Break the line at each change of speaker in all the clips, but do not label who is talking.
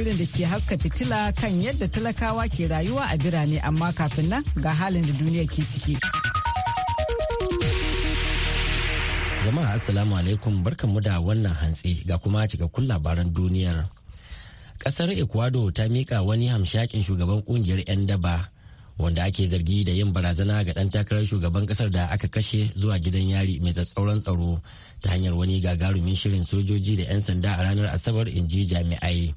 shirin da ke haska fitila kan yadda talakawa ke rayuwa a birane amma kafin nan ga halin da duniya ke ciki.
Jama'a Assalamu alaikum barkanmu da wannan hantsi ga kuma cikakkun labaran duniyar. Kasar Ecuador ta mika wani hamshakin shugaban kungiyar 'yan daba wanda ake zargi da yin barazana ga ɗan takarar shugaban kasar da aka kashe zuwa gidan yari mai tsatsauran tsaro ta hanyar wani gagarumin shirin sojoji da 'yan sanda a ranar asabar inji jami'ai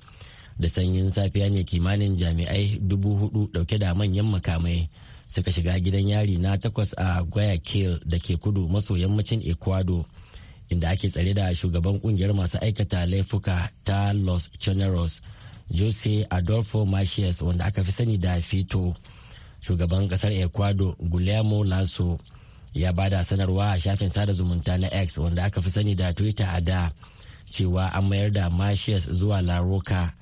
da sanyin safiya ne kimanin jami'ai dubu hudu dauke da manyan makamai suka shiga gidan yari na takwas a guayaquil da ke kudu maso yammacin ecuador inda ake tsare da shugaban kungiyar masu aikata laifuka ta los generos jose adolfo machias wanda aka fi sani da fito shugaban kasar ecuador guillermo lasso ya ba da sanarwa a shafin sada zumunta na x wanda aka fi sani da twitter a da cewa an mayar da machias zuwa la roca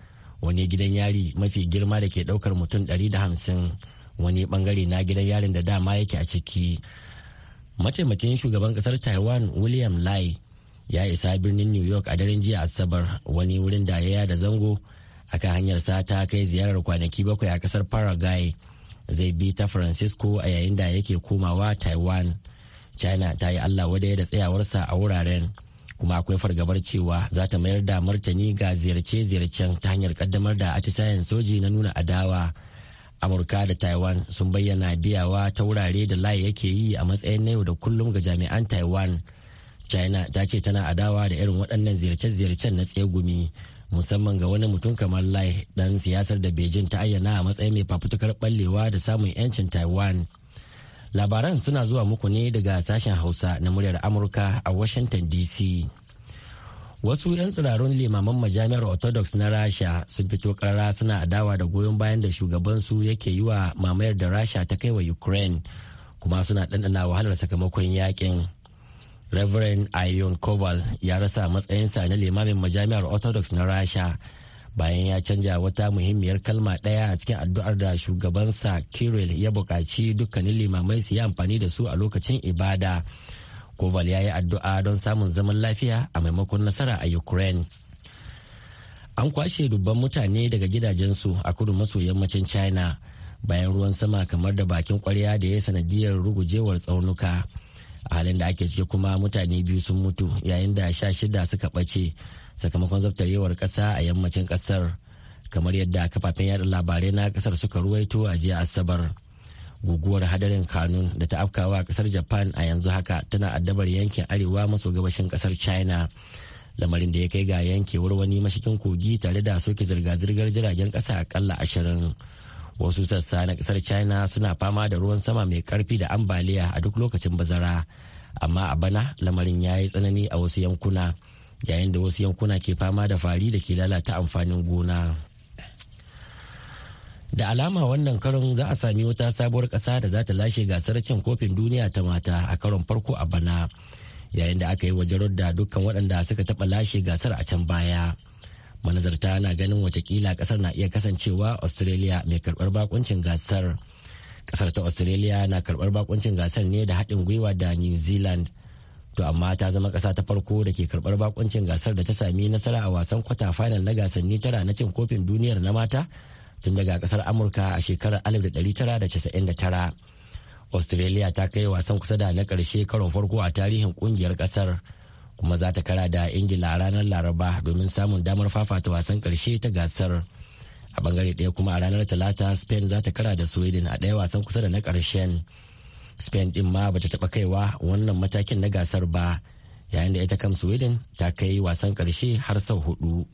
wani gidan yari mafi girma da ke daukar mutum da hamsin wani bangare na gidan yarin da dama yake a ciki mataimakin shugaban kasar taiwan william lai ya isa birnin new york a daren jiya asabar wani wurin da ya da zango a kan hanyar sata kai ziyarar kwanaki bakwai a kasar paraguay zai bi ta francisco a yayin da yake komawa taiwan china ta yi allah wadai da tsayawarsa a wuraren kuma akwai fargabar cewa za ta mayar da martani ga ziyarce-ziyarcen ta hanyar kaddamar da atisayen soji na nuna adawa amurka da taiwan sun bayyana biyawa ta wurare da layi yake yi a matsayin na yau da kullum ga jami'an taiwan china ta ce tana adawa da irin waɗannan ziyarce-ziyarcen na tsegumi musamman ga wani mutum kamar lai dan siyasar da beijing ta ayyana a matsayin mai fafutukar ɓallewa da samun 'yancin taiwan labaran suna zuwa muku ne daga sashen hausa na muryar amurka a washington dc wasu 'yan tsirarun limaman majami'ar orthodox na rasha sun fito karara suna adawa da goyon bayan da shugabansu yake yi wa mamayar da rasha ta kai wa ukraine kuma suna ɗanɗana wahalar sakamakon yakin reverend ayon koval ya rasa matsayinsa na limamin majami'ar orthodox na rasha bayan ya canja wata muhimmiyar kalma ɗaya a cikin addu'ar da shugabansa Kirill ya buƙaci dukkanin limamai su yi amfani da su a lokacin ibada. Koval ya yi addu'a don samun zaman lafiya a maimakon nasara a Ukraine. An kwashe dubban mutane daga gidajensu a kudu maso yammacin China bayan ruwan sama kamar da bakin kwarya da ya sanadiyar rugujewar tsaunuka. a halin da ake ciki kuma mutane biyu sun mutu yayin da sha shida suka ɓace sakamakon zabtarewar kasa a yammacin kasar. kamar yadda kafafen yada labarai na kasar suka ruwaito a jiya asabar guguwar hadarin kanun da ta afkawa kasar japan a yanzu haka tana addabar yankin arewa maso gabashin kasar china lamarin da ya kai ga yankewar wani mashikin kogi tare da soke zirga-zirgar jiragen ƙasa akalla ashirin wasu sassa na kasar china suna fama da ruwan sama mai karfi da ambaliya a duk lokacin bazara amma a bana lamarin ya yi tsanani a wasu yankuna. yayin da wasu yankuna ke fama da fari da ke lalata amfanin gona da alama wannan karon za a sami wata sabuwar ƙasa da za ta lashe gasar cin kofin duniya ta mata a karon farko a bana yayin da aka yi wajen da dukkan waɗanda suka taɓa lashe gasar a can baya manazarta na ganin watakila ƙasar na iya kasancewa australia mai karɓar bakuncin gasar ƙasar ta australia na karɓar bakuncin gasar ne da haɗin gwiwa da new zealand to amma ta zama ƙasa ta farko da ke karɓar bakuncin gasar da ta sami nasara a wasan kwata final na gasanni tara na cin kofin duniyar na mata tun daga ƙasar amurka a shekarar 1999 australia ta kai wasan kusa da na karshe karon farko a tarihin ƙungiyar ƙasar kuma za ta kara da ingila a ranar laraba domin samun damar fafata wasan karshe ta gasar a bangare ɗaya kuma a ranar talata spain za ta kara da sweden a ɗaya wasan kusa da na karshen. spain din ma bata taba kaiwa wannan matakin na gasar ba yayin da ita kan sweden ta kai wasan karshe har sau hudu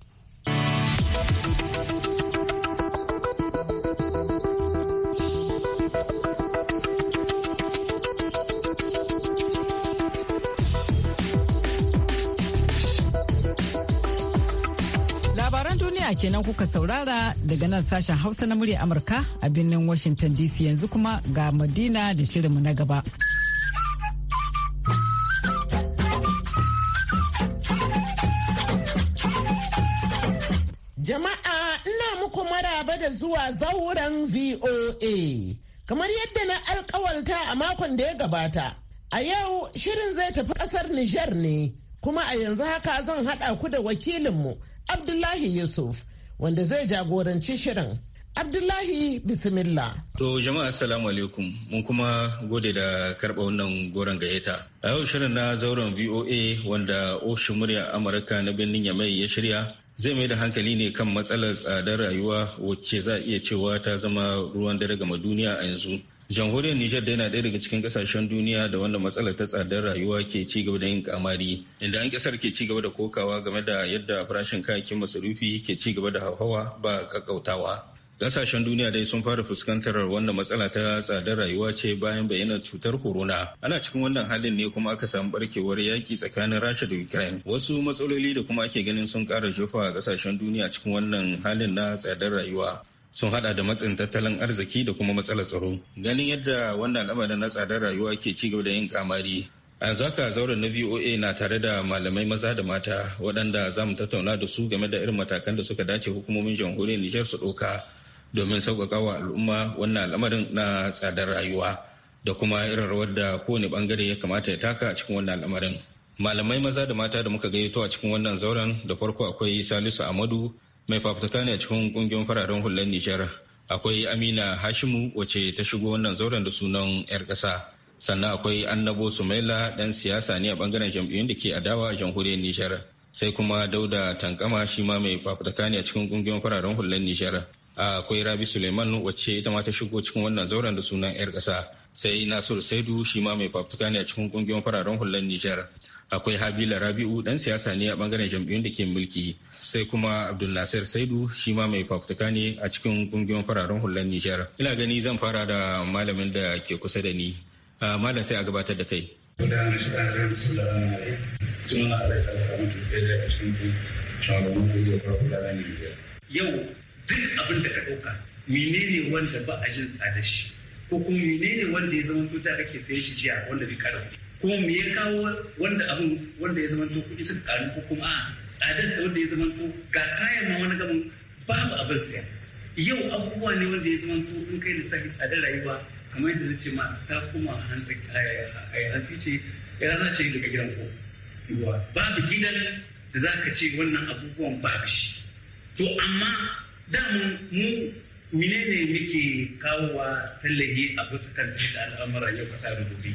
duniya kenan kuka saurara daga nan sashen Hausa na murya Amurka a birnin Washington DC yanzu kuma ga Madina da shirinmu na gaba. Jama'a ina muku maraba da zuwa zauren VOA. Kamar yadda na alkawalta a makon da ya gabata, a yau shirin zai tafi kasar Nijar ne, kuma a yanzu haka zan haɗa ku da wakilinmu Abdullahi Yusuf wanda zai jagoranci shirin. Abdullahi Bismillah.
To jama'a assalamu alaikum mun kuma gode da karɓa wannan goron gayyata. A yau shirin na zauren VOA wanda ofishin murya Amurka na birnin Yamai ya shirya zai mai da hankali ne kan matsalar tsadar rayuwa wacce za a iya cewa ta zama ruwan dare ga duniya a yanzu. jamhuriyar nijar da yana ɗaya daga cikin ƙasashen duniya da wanda matsalar ta tsadar rayuwa ke ci gaba da yin kamari inda an ƙasar ke ci gaba da kokawa game da yadda farashin kayayyakin masarufi ke ci gaba da hauhawa ba kakkautawa Ƙasashen duniya dai sun fara fuskantar wannan matsala ta tsadar rayuwa ce bayan bayyana cutar corona. Ana cikin wannan halin ne kuma aka samu barkewar yaƙi tsakanin Rasha da Ukraine. Wasu matsaloli da kuma ake ganin sun ƙara jofa a ƙasashen duniya cikin wannan halin na tsadar rayuwa. sun hada da matsin tattalin arziki da kuma matsalar tsaro ganin yadda wannan al'amarin na tsadar rayuwa ke ci gaba da yin kamari a yanzu haka zauren na voa na tare da malamai maza da mata waɗanda za mu tattauna da su game da irin matakan da suka dace hukumomin jamhuriyar nijar su ɗauka domin sauƙaƙa wa al'umma wannan al'amarin na tsadar rayuwa da kuma irin rawar da kowane bangare ya kamata ya taka a cikin wannan al'amarin malamai maza da mata da muka gayyato a cikin wannan zauren da farko akwai salisu amadu mai fafutuka ne a cikin kungiyar fararen hular nijar akwai amina hashimu wace ta shigo wannan zauren da sunan 'yar ƙasa sannan akwai annabo sumaila dan siyasa ne a bangaren jam'iyyun da ke adawa a jamhuriyar nijar sai kuma dauda tankama shi ma mai fafutuka ne a cikin kungiyar fararen hular nijar akwai rabi suleiman wacce ita ma ta shigo cikin wannan zauren da sunan 'yar ƙasa sai nasiru saidu shi ma mai fafutuka ne a cikin kungiyar fararen hular nijar akwai habila rabi'u dan siyasa ne a bangaren jam'iyyun da ke mulki sai kuma abdul nasir saidu shi ma mai fafutuka ne a cikin kungiyoyin fararen hular nijar ina gani zan fara da malamin da ke kusa da ni malam sai a gabatar da kai
yau duk abin da ka ɗauka menene wanda ba a jin tsada shi ko kuma menene wanda ya zama tuta kake sayan shi jiya wanda bai kuɗi ko me ya kawo wanda abin wanda ya zamanto kuɗi suka karu ko kuma a tsadar da wanda ya zamanto ga kayan ma wani gaban babu abin siya yau abubuwa ne wanda ya zamanto in kai lissafi tsadar rayuwa kamar yadda na ce ma ta koma hantsi hantsi ce ya za ce daga gidan ko babu gidan da za ka ce wannan abubuwan babu shi to amma damu mu ne muke kawowa tallahi a bisa kan al'amuran yau kasa rubutu gobe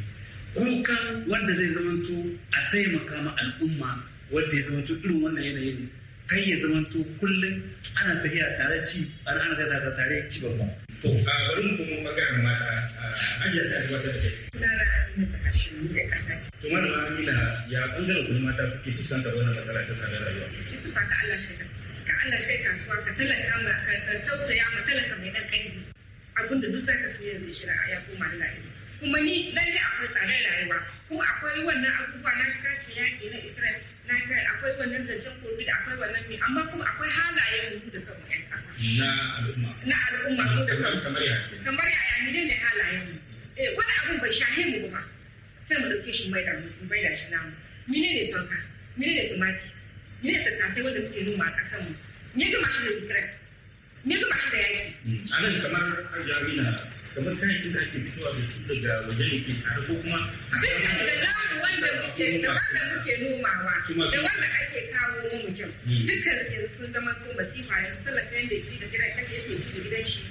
kuka wanda zai zamanto a taimaka ma al'umma wanda ya zamanto irin wannan yanayin kai ya zamanto kullum ana tafiya tare ci ana ana gaza tare
ci babba. To a bari mu mun magana ma a ajiya sai wata da
kai.
To malama Amina ya bangaren kuma mata kuke fuskantar wannan matsala ta tsadar rayuwa.
Kisa ba ka Allah shaida. Ka Allah shaida kasuwa ka talaka ma ka tausaya ma talaka mai ɗan kai. Abinda duk saka tuya zai shira ya koma Allah ne. kuma ni lalle akwai tsadar rayuwa kuma akwai wannan abubuwa na ya ke na Israel na Israel akwai wannan zancen covid akwai wannan ne amma kuma akwai halayen mu da kanmu yan ƙasa na al'umma na
al'umma da kanmu kamar yaya
kamar yaya ne ne halayen mu eh wani abun bai shahe mu ba sai mu dauke shi mai da mu bai da shi na mu mine ne tonka mine ne tumati mine ne tattasai wanda muke noma a kasan mu ne gama shi da Israel ne gama shi da yaki
a nan kamar har jami'a kamar kayan da ake fitowa da su daga waje ne ke tsara ko kuma
dukkan da namu wanda muke da wanda muke nomawa da wanda ake kawo mu mutum hmm. dukkan su sun zama su masifa yanzu talaka yanda ci da gida kan yake shi da gidan shi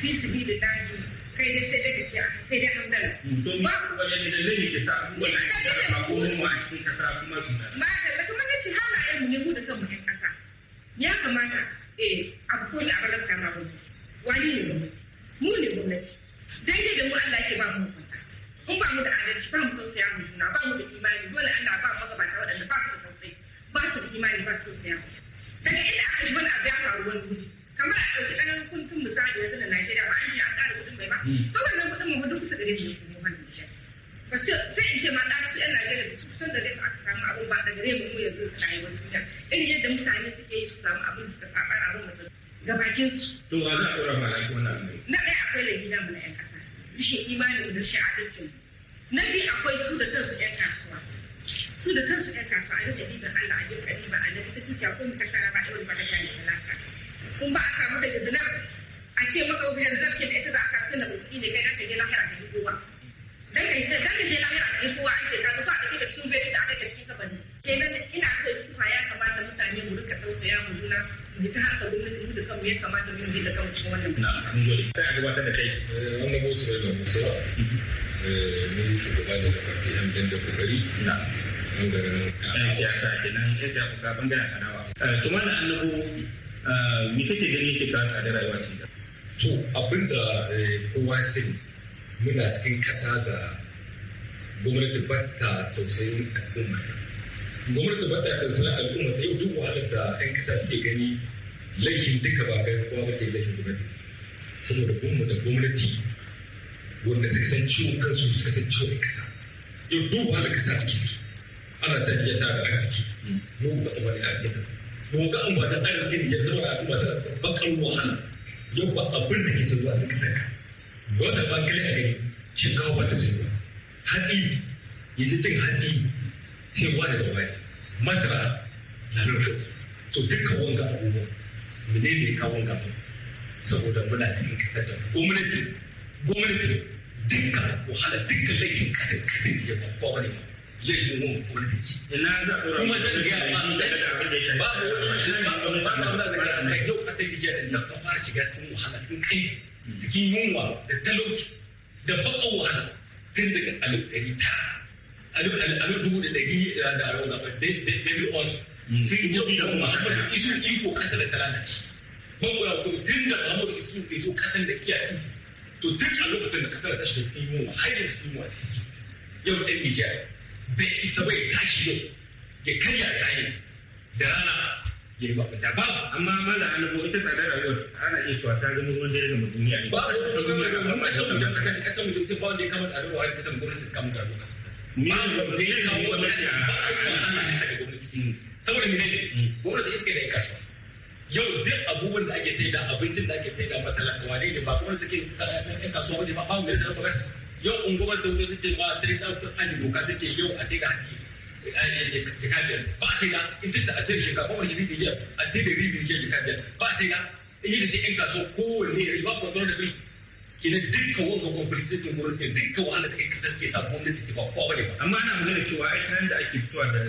fi su bi da dani kai dai sai daga ce ah, sai dai hamdala ba
hmm, wani da ne ke sa abubuwan da ake sarrafa ko mu a cikin kasa kuma su da
ba da kuma kace halayen mu ne mu da kanmu ɗan kasa ya kamata eh abu ko da abalar kama ba wani ne gwamnati mu ne gwamnati daidai da mu Allah ke ba mu hukunta kun ba mu da adalci ba mu tausaya mu juna ba mu da imani dole Allah ba mu gabata waɗanda ba su da tausayi ba su da imani ba su tausaya mu daga inda aka yi wani abu ya faru wani wuri kamar a ɗauki ɗan kuntun misali yanzu da Najeriya ba an yi an ƙara kuɗin bai ba hmm. to wannan kuɗin mu duk su da rage mu wannan shi ba sai in ce ma ɗan su 'yan Najeriya da su kusan da su aka samu abin ba daga rage mu yanzu wani duniya irin yadda mutane suke yi su samu abin da ka faɗa a ruwan
ga bakin su to wa za a dora ba laifi wannan abu
na ɗaya akwai laifi na yan ƴan ƙasa rishin imanin da rishin adalcin na biyu akwai su da kansu ƴan kasuwa su da kansu ƴan kasuwa a rika ɗiban Allah a rika ɗiban Allah ta tuka ko muka tara ba irin ba da gani talaka kun ba a samu da jazinar a ce maka wajen zarce da ita za a samu tun da mutum ne kai na ka je lahira ka yi kowa dan ka dan ka je lahira ka yi kowa an ce ka ga fa da kike bai da aka ci ka bane kenan ina so su ya kamata mutane mu rika tausaya mu juna mu ta haka mu da kanmu ya kamata mu yi da kanmu cikin wannan
bincike. Sai a gabatar da kai. Wanda mu su ne musa. Mun shugaba
da kafarki yan bin da kokari. Na. Bangaren. Yan siyasa kenan yan siyasa ka bangaren adawa. Tuma na annabu me kake ganin ke kawo tsadar rayuwa ce?
To abinda kowa sani muna cikin kasa da gwamnati ba ta tausayin al'umma. Gwamnati ba ta tausayin al'umma ta yau duk wahalar da 'yan kasa suke gani laifin duka ba kai kowa ba ke laifin gwamnati saboda gwamnati gwamnati wanda suka san ciwon kansu suka san ciwon kasa yau duk wani kasa ciki suke ana iya ta a ciki mu ga amfani da ta mu ga amfani da arziki da zama a kuma tana bakar wahala yau ba abin da ke sanuwa sun kasa ka wanda ba kai a gani kawo ba ta sanuwa hatsi ya ji cin hatsi sai wani da wani matara na nufin to dukkan wanga abubuwa mu ne mai kawon gaba saboda muna cikin kasar da gwamnati gwamnati duka wahala duka
laifin kasar kasar ya babba wani laifin wani gwamnati ci ina za a kuma da ya
ba ba mu
wani shi ba ba ba ba ba ba ba yau da ya da da fara shiga da wahala cikin da cikin yunwa da talauci da baƙar da tun daga da ɗari tara da alif dubu da ɗari da arwa da da tinjabida muhammad isu iko kasar da talalaci babu ya ko dinga muhammad isu ke so kasar da kiyaye to duk a lokacin da kasar ta shiga cikin yunwa har yanzu cikin yunwa ciki
yau ɗan isa bai tashi ya karya tsaye da rana ya yi babu babu amma kama da a har kasar gwamnati ta kama
a kan ana da saboda mene ne mm. gona da iske da ya kasuwa yau duk abubuwan da ake sai da abincin da ake sai da da matalakawa ne ba kuma take ta eh, eh, kasuwa wani ba ba mu da zama yau unguwar da wuce ce ba tare da kun aji buka ta ce yau a sai da haji eh, jika biyar ba sai da in ta ce a sai da shekara ba wani biyar a sai da ribi biyar ba sai da in yi da ce in kasuwa kowanne riba kwantar da biyu kina duka wanga kwamfalisi da ke duka wahala da kasar ke sa gwamnati ta ba kowa bane ba amma na magana cewa ai kayan da ake fitowa da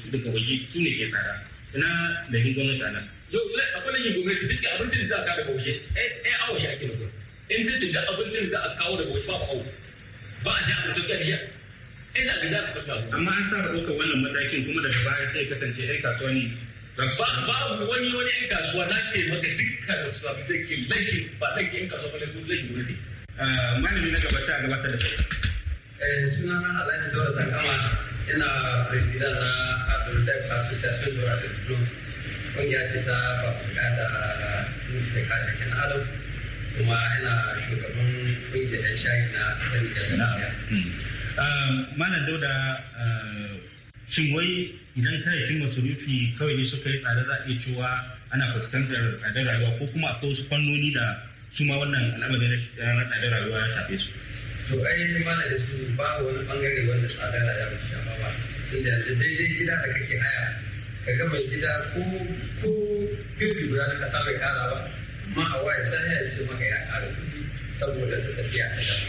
su daga waje su ne ke tsada ina da hin gwamnati anan yau ina akwai lahin gwamnati duk abincin da za a kawo daga waje ai awa shi ake nufin in ta ce da abincin za a kawo daga waje ba ba awo ba a sha abincin gajiya ina da za ka sauka amma an sa ɗaukar wannan matakin kuma daga baya sai kasance ai kasuwa ne babu wani wani yan kasuwa na ke maka dukkan su abu da ke laifin ba ke yan kasuwa ba laifin laifin wuri eh, malami na gaba sai a gabatar da shi. Eh, suna na alhaji daura zakama
ina president na abdulrahman association dora da dudu kungiya ce ta fafuka da da kayayyakin ado
kuma yana shugaban kungiyar yan shayi na sani da sa'a. Eh, malam dauda shin wai idan kayayyakin masarufi kawai ne suka yi tsada za a iya cewa ana fuskantar tsadar rayuwa ko kuma akwai wasu fannoni da su ma wannan al'amari na tsadar rayuwa ya shafe su.
to ainihin mana da su ba wani bangare wanda tsadar rayuwa ba shafa ba inda da daidai gida da kake haya ka gama gida ko ko kirki guda na kasa mai kara ba amma a waya sai ya ce maka ya kara kudi saboda ta tafiya ta gaba.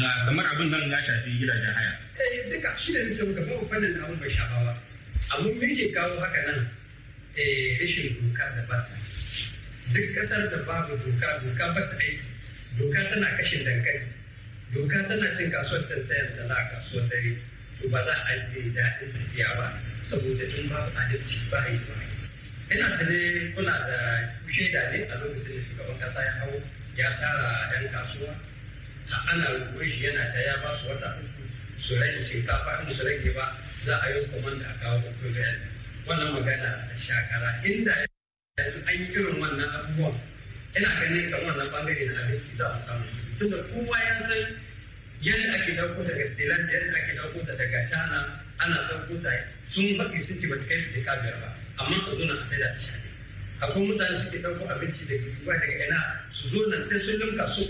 na kamar abin nan ya shafi gidajen haya. Eh duka shi ne nake maka babu fannin abin bai shafa ba. abin da yake kawo haka nan eh, rashin doka da ba duk kasar da babu doka doka ba ta aiki doka tana kashe dankali doka tana cin kasuwar sayar da za a kasuwar dare to ba za a yi daɗin tafiya ba saboda in babu adalci ba a yi ba ina tare kuna da shaida ne a lokacin da shugaban kasa ya hau ya tara yan kasuwa a ana rubuwar yana ta ya ba su wata uku su rage shinkafa in su rage ba za a yi kuma a kawo muku real wannan magana a shakara inda an yi irin wannan abubuwan ina ganin kan wannan bangare na abinci za a samu tunda kowa ya san yadda ake dauko daga Thailand yadda ake dauko daga tana ana dauko da sun faɗi sun ce kai da kabiyar ba amma a zo na sai da ta akwai mutane suke dauko abinci da kuma daga ina su zo nan sai sun dinka su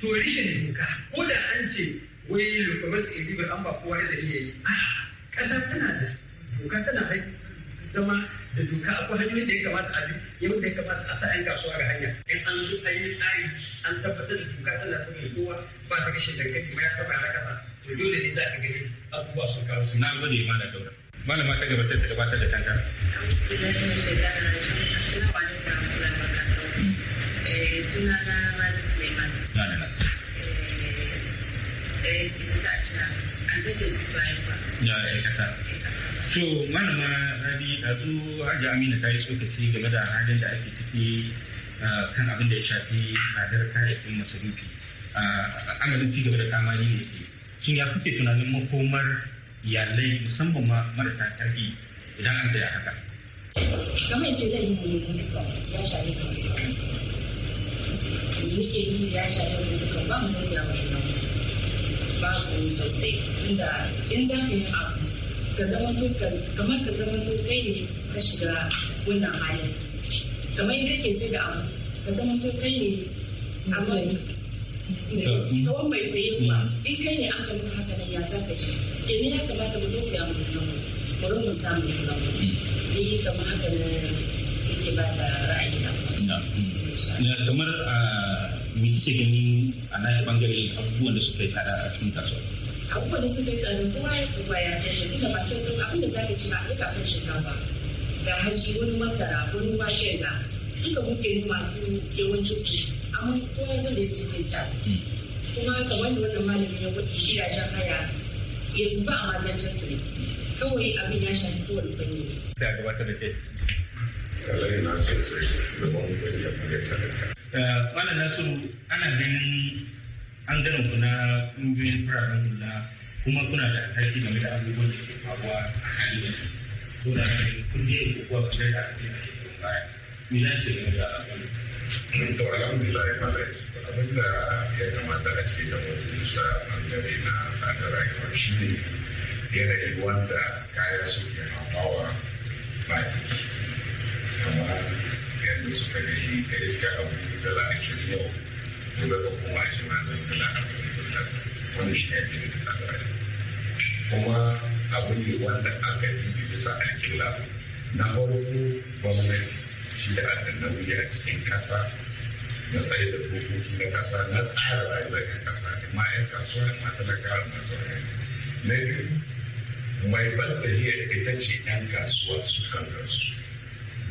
to rishin doka ko da an ce wai lokacin su ke an ba kowa ya zai iya yi a'a ƙasa tana da doka tana zama da doka akwai hanyoyin da ya kamata a bi yau da ya kamata a sa 'yan kasuwa ga hanya in an zo an yi tsari an tabbatar da doka tana ta mai kowa ba ta kashe dankali ma ya saba ya kasa to dole ne za ka gani
abubuwa sun karu su na gode ma da daura malama ta gaba sai ta gabatar da kanta
eh, suna na Mali Suleiman. Na da na. Eh, eh, za a ci
ya da su ba. So malama Rabi ɗazu Hajiya Amina ta yi tsokaci game da halin da ake ciki kan abin da ya shafi tsadar kayayyakin masarufi. Amalin ci gaba da kamari ne ke. Shin ya kuke tunanin makomar iyalai musamman ma marasa ƙarfi idan an tsaya haka?
Kamar yadda zai yi ne ya shafi kamar yadda ya shafi kamar yadda ya shafi kamar yadda ya babu da sai inda in za ka yi abu ka zama to kamar ka zama to ne ka shiga wannan hali kamar yadda ke sai da abu ka zama to kai ne amma kawai mai tsaye kuma in kai ne an kalli haka nan ya sa ka ce kenan ya kamata mu dosi a mutum bari mu samu da ni kamar haka
nan yake ba da ra'ayi
na kamar a ah, muke ganin a naya bangare abubuwan da suka yi tsada a cikin kasuwa.
abubuwan da suka yi
tsada kuma ya kuma ya san shi duka bakin duk abin da za ka ci ba duka kan shinkafa ga haji wani masara wani waken na duka muke yi masu yawanci su amma kowa zai da ya suke ta kuma kamar wani wannan malamin ya wuce shi da jan haya ya zuba a mazancin su ne kawai abin ya shafi kowane fanni.
Da gabatar da ke. Kalai na sosai da ba mu gani ya fi Eh, Malam Nasiru ana ganin an gana ku na ƙungiyoyin fararen hula kuma kuna da alhaki game da abubuwan da ke faruwa a halin yanzu. So da kun je ku kuwa
kusa da ake da ke baya. Me za ce game da wannan? To alhamdulillah ya mala abin da ya kamata a ce da wani sa bangare na tsada rayuwa shi ne yanayi wanda kaya suke hawa baki. Kamar yanzu suka gani ka yi ga abu da za a shirya yau dole ba kuma shi ma zan kula a kuma wani shi ne da ta tsara kuma abu ne wanda aka yi da bisa a labu na farko gwamnati shi da aka nauyi a cikin kasa na sai da dokoki na kasa na tsara rayuwar yan kasa da ma yan kasuwa da ma talakawa da masu na biyu mai ban da ita ce yan kasuwa su kan kansu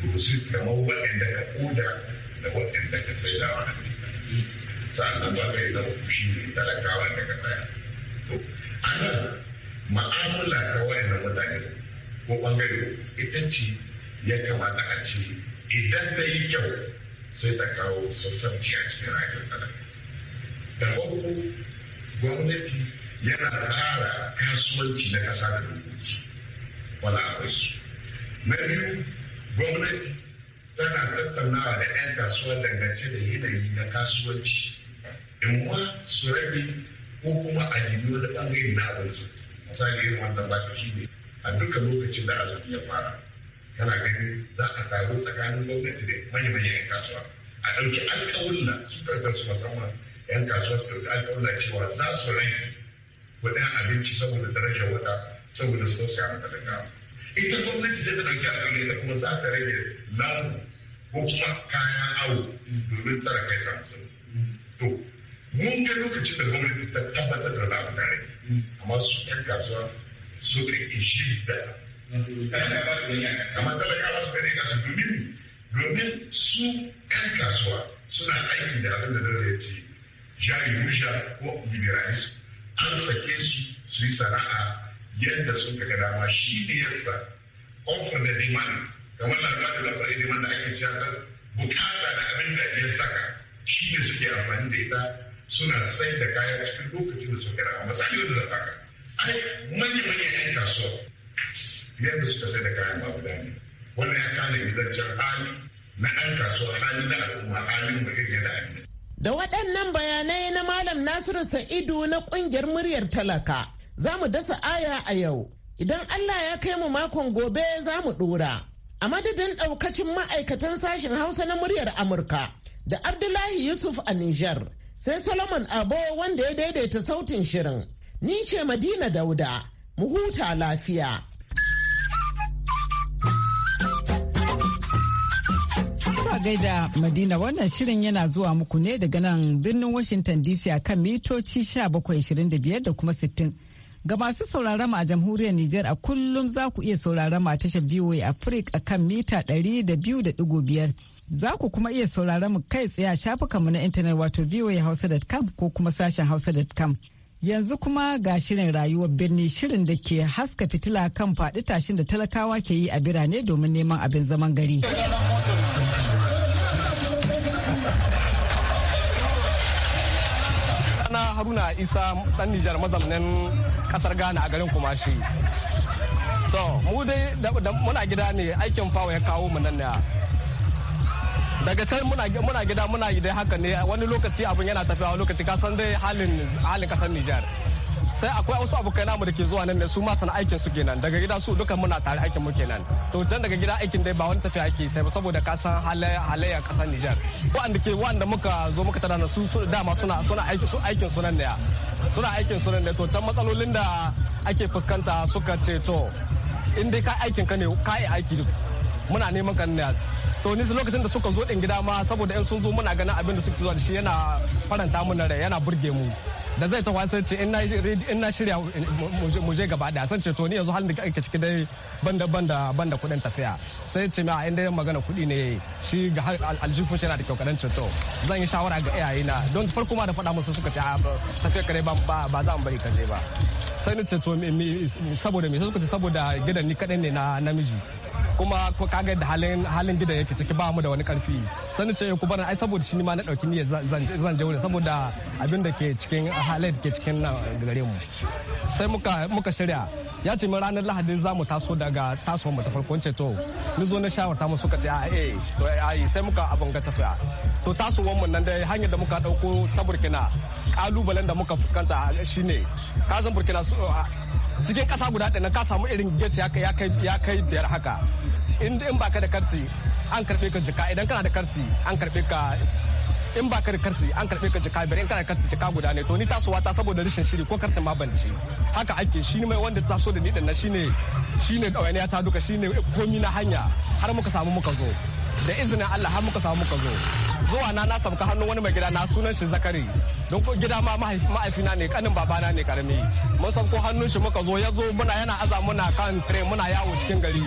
dosis kamar waɗanda ka koda da waɗanda ka sai da wani sa'annan ba ka yi na uku shi ne talakawan da ka saya to ana ma'amala ta wayan mutane ko bangare ita ce ya kamata a ce idan ta yi kyau sai ta kawo sassauci a cikin rayuwar talaka da farko gwamnati yana tsara kasuwanci na ƙasa da dokoki wala akwai su na biyu gwamnati tana tattaunawa da 'yan kasuwa dangance da yanayi na kasuwanci in ma su rage ko kuma a nemi da ɓangare na abinci misali irin wannan ba shi ne a duka lokacin da azumi ya fara kana ganin za a taru tsakanin gwamnati da manya-manyan 'yan kasuwa a ɗauki alƙawulla su karɓar su musamman 'yan kasuwa su ɗauki alƙawulla cewa za su rage kuɗin abinci saboda darajar wata saboda su tausaya mata ita gwamnati sai ta ɗauki kan ita kuma za ta rage lamu ko kuma kayan awo domin tsara kai samu sau to mun kai lokacin da gwamnati ta tabbatar da lamu da tare amma su ɗan kasuwa suka yi shi da amma talakawa su gane kasu domin domin su ɗan kasuwa suna aiki da abin da dare ce jari rusha ko liberalism an sake su su yi sana'a yadda sun ga dama shi ne yasa offer da demand kamar labarin da fari neman da ake cewa bukata da abin da ya saka shi ne suke amfani da ita suna sai da kaya cikin lokacin da suka dama misali wanda da faka ai manya manya yan kasuwa yadda suka sai da kayan babu dani wannan ya kana izancen hali na ɗan kasuwa hali na al'umma halin mutum da abin
da waɗannan bayanai na Malam Nasiru Sa'idu na ƙungiyar muryar talaka za mu dasa aya a yau idan allah ya kai mu makon gobe za mu ɗora a madadin ɗaukacin ma'aikatan sashen hausa na muryar amurka da abdullahi yusuf a Niger sai solomon abo wanda ya daidaita sautin shirin ni ce madina dauda mu huta lafiya gaida Madina wannan shirin yana zuwa muku ne daga nan birnin Washington DC a kan mitoci 1725 da kuma 60. Ga masu sauraron a jamhuriyar Nijar a kullum za ku iya sauraron a tashar VOA Africa a kan mita 200.5. Za ku kuma iya sauraron mu kai tsaye a shafukanmu na intanet wato voahausa.com ko kuma sashen hausa.com. Yanzu kuma ga shirin rayuwar birni shirin da ke haska fitila kan faɗi tashin da talakawa ke yi a birane domin neman abin zaman gari.
Ana Haruna Isa dan Nijar mazaunin kasar ghana a garin kumashi to mu dai muna gida ne aikin fawa ya kawo mu nan daga can muna gida muna gida haka ne wani lokaci abin yana tafiya wani lokaci kasan dai halin kasar nijar sai akwai wasu abokai namu da ke zuwa nan ne su ma sana aikin su kenan daga gida su duka muna tare aikin mu kenan to can daga gida aikin dai ba wani tafiya ake sai ba saboda ka san halayyar kasar Nijar wanda ke wanda muka zo muka tada su dama suna suna aikin su aikin su nan ne suna aikin su nan ne to can matsalolin da ake fuskanta suka ce to in dai ka aikin ka ne ka yi aiki muna neman ka ne to ni lokacin da suka zo din gida ma saboda in sun zo muna ganin abin da suke zuwa da shi yana faranta mu na rai yana burge mu da zai ta wasan ce in na shirya mu je gaba da san ce to ni yanzu halin da ake ciki dai banda banda banda kuɗin tafiya sai ce ma inda yin magana kuɗi ne shi ga aljifu shi yana da kyau ce ceto zan yi shawara ga iyaye na don farko ma da faɗa musu suka ce ah, tafiya kare ba ba za mu bari ka je ba sai ni ceto saboda me sai suka ce saboda gidan ni kaɗai ne na namiji kuma ko kaga da halin halin gidan yake ciki ba mu da wani karfi sai ni ce ku bana ai saboda shi ni ma na ɗauki ni zan je wurin saboda abin da ke cikin wahalar ke cikin nan garinmu mu sai muka shirya ya ce min ranar lahadin za mu taso daga taso mu ta farko to ni zo na shawarta mu suka ce a ah, eh to ai sai muka abin ga tafiya to tasowar mun nan da hanyar da muka dauko ta burkina kalubalen da muka fuskanta shine ka zan burkina cikin kasa guda ɗaya ka samu irin gate ya kai biyar haka in ba ka da karti an karbe ka jika idan kana da karti an karbe ka in ba ka da karti an karfe ka jika bari in kana karti jika guda ne to ni tasowa ta saboda rashin shiri ko karti ma ban ci haka ake shi mai wanda ta so da ni din na shine shine kawai ne ya ta duka shine komi na hanya har muka samu muka zo da izinin Allah har muka samu muka zo zuwa na na samka hannun wani mai gida na sunan shi zakari don ko gida ma ma'aifina ne kanin babana ne karami mun samko hannun shi muka zo ya zo muna yana aza muna kan tire muna yawo cikin gari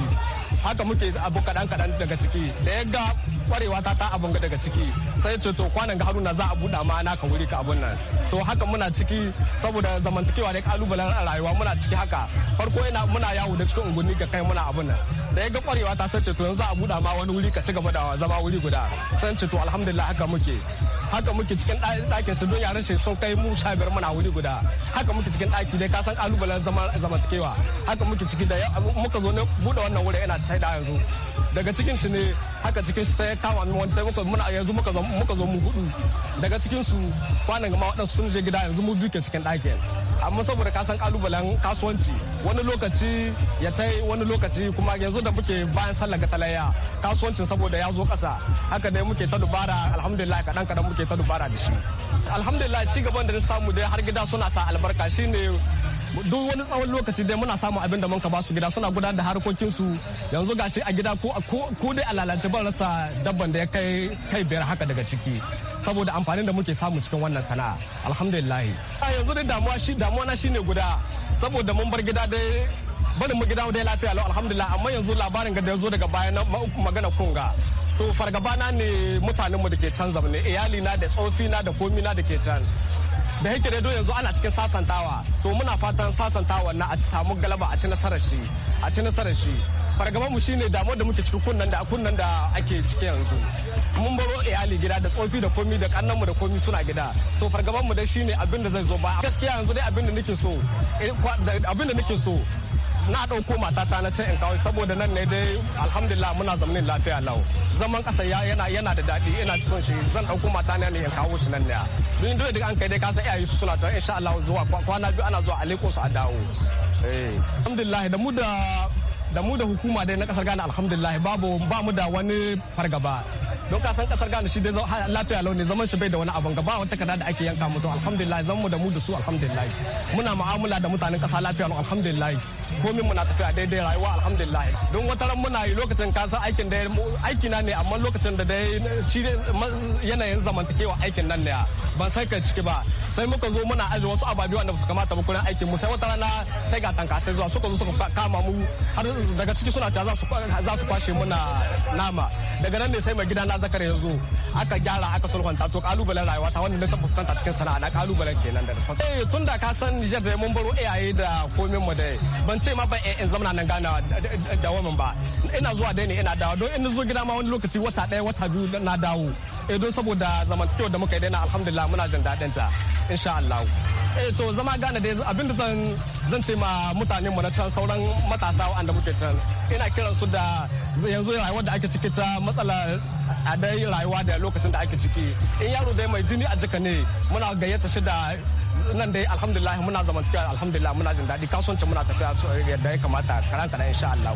haka muke abu kaɗan kaɗan daga ciki da ya ga kwarewa ta ta abun daga ciki sai ce to kwanan ga haruna za a buɗa ma na ka wuri ka abun nan to haka muna ciki saboda zamantakewa da kalubalen rayuwa muna ciki haka farko ina muna yawo da cikin unguni ga kai muna abun nan da ya ga kwarewa ta sai ce to yanzu a buɗa ma wani wuri ka ci gwadawa zama wuri guda san ce to alhamdulillah haka muke haka muke cikin ɗakin su don yaran shi sun kai mu sha biyar muna wuri guda haka muke cikin ɗaki dai ka san kalubalen zamantakewa haka muke ciki da muka zo na buɗe wannan wurin ina da yanzu daga cikin shi ne haka cikin shi sai kama min wani sai muka muna yanzu muka zo muka zo mu hudu daga cikin su kwanan ma waɗansu sun je gida yanzu mu biyu ke cikin ɗakin amma saboda ka san kalubalen kasuwanci wani lokaci ya tai wani lokaci kuma yanzu da muke bayan sallar ga talaya kasuwancin saboda da ya zo kasa haka dai muke ta dubara alhamdulillah kadan kadan muke ta dubara da shi alhamdulillah ci gaban da na samu dai har gida suna sa albarka shine duk wani tsawon lokaci dai muna samun abin da mun ka ba su gida suna gudanar da su yanzu gashi a gida ko dai a lalace ban rasa dabban da ya kai kai biyar haka daga ciki saboda amfanin da muke samu cikin wannan sana'a alhamdulillah yanzu dai damuwa shi damuwa na shine guda saboda mun bar gida dai barin mu gida dai lafiya lau alhamdulillah amma yanzu labarin ga da zo daga bayan na magana kunga to fargaba na ne mutanen mu da ke can zamani iyali na da tsofi na da komi na da ke can da yake da don yanzu ana cikin sasantawa to muna fatan sasantawa na a samu galaba a ci nasarar shi a ci nasarar shi fargaba mu shine damuwar da muke cikin kunnan da kunnan da ake ciki yanzu mun baro iyali gida da tsofi da komi da kannan mu da komi suna gida to fargaban mu da shine abin da zai zo ba gaskiya yanzu dai abin da nake so eh, abin da nake so na ɗauko matata na can in kawo saboda nan ne dai alhamdulillah muna zamanin lafiya lau zaman ƙasa yana yana da daɗi ina son shi zan ɗauko mata ne in kawo shi nan ne duk duk an kai dai ka san iyaye su suna can insha Allah zuwa kwana biyu ana zuwa a leko su a dawo eh. alhamdulillah da mu da da mu da hukuma dai na ƙasar Ghana alhamdulillah babu ba mu da wani fargaba don ka san kasar gani shi dai lafiya lau ne zaman shi bai da wani abin gaba wata kada da ake yanka mutu alhamdulillah zan mu da mu da su alhamdulillah muna mu'amala da mutanen kasa lafiya lau alhamdulillah komai muna tafiya daidai rayuwa alhamdulillah don wata ran muna yi lokacin ka aikin da aiki na ne amma lokacin da dai shi yanayin zamantakewa aikin nan ne ban sai ka ciki ba sai muka zo muna aji wasu ababe wanda su kamata ba kullun aikin mu sai wata rana sai ga tanka sai zuwa suka zo suka kama mu har daga ciki suna ta za su kwashe muna nama daga nan ne sai mai gida na zakar yanzu aka gyara aka sulhunta to kalubalen rayuwa ta wannan ta fuskanta cikin sana'a na kalubalen kenan da rasa eh tun da ka san Niger da mun baro iyaye da komin mu da ban ce ma ba eh, in zamana nan gana da wamin ba ina zuwa dai ne ina dawo don in zo gida ma wani lokaci wata ɗaya wata biyu na dawo eh don saboda kyau da muka yi daina alhamdulillah muna jin daɗin ta insha Allah eh to zama gane dai abinda zan zan ce ma mutanen mu na can sauran matasa wanda muke can ina kiran su da yanzu rayuwar da ake ciki ta matsala a dai rayuwa da lokacin da ake ciki in yaro dai mai jini a jika ne muna gayyata shi da nan dai alhamdulillah muna cikin alhamdulillah muna jin daɗi kasuwancin muna tafiya yadda ya kamata karanta da insha Allah.